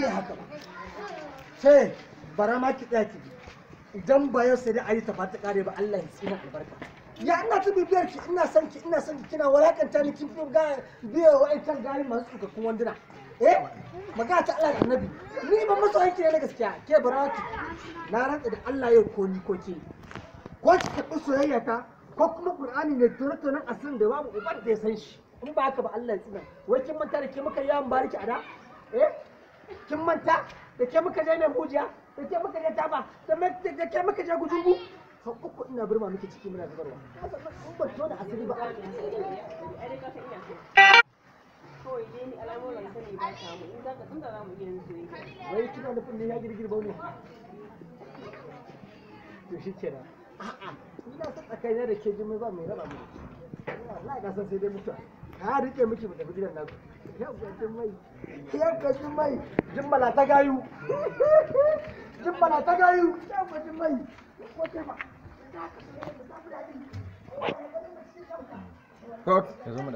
ne haka ba ce bara ma ki tsaya ki idan ba yau sai dai ayi ta fata kare ba Allah ya tsina albarka ya ina ta bibiyar ki ina son ki ina son ki kina walakanta ni kin fi ga biyo wa wa'ancan gari masu kun wanduna eh magana ta Allah da Annabi ni ba musu ki ne na gaskiya ke bara ki na rantsa da Allah yau ko ni ko ke ko ki karɓi soyayya ta ko kuma Qur'ani ne tore-toren asirin da babu ubar da ya san shi in ba haka ba Allah ya tsina wai kin manta da ke muka yawan bariki a da eh kin manta da ke muka je Nambuja da ke muka je Taba da da ke muka je Gujungu sau uku ina burma miki ciki muna zubarwa kun ba to da asiri ba ne mu in tunda wai kina nufin ne ya girgir girgirba ne to shi kenan a'a ina son tsakanina da ke jimi ba mai raba mu wallahi ka san sai dai mutuwa ka rike miki mu tafi gidan naku yau mai yau mai ta gayu jimmala ta gayu yau mai ko ce ba Tot, yanzu mu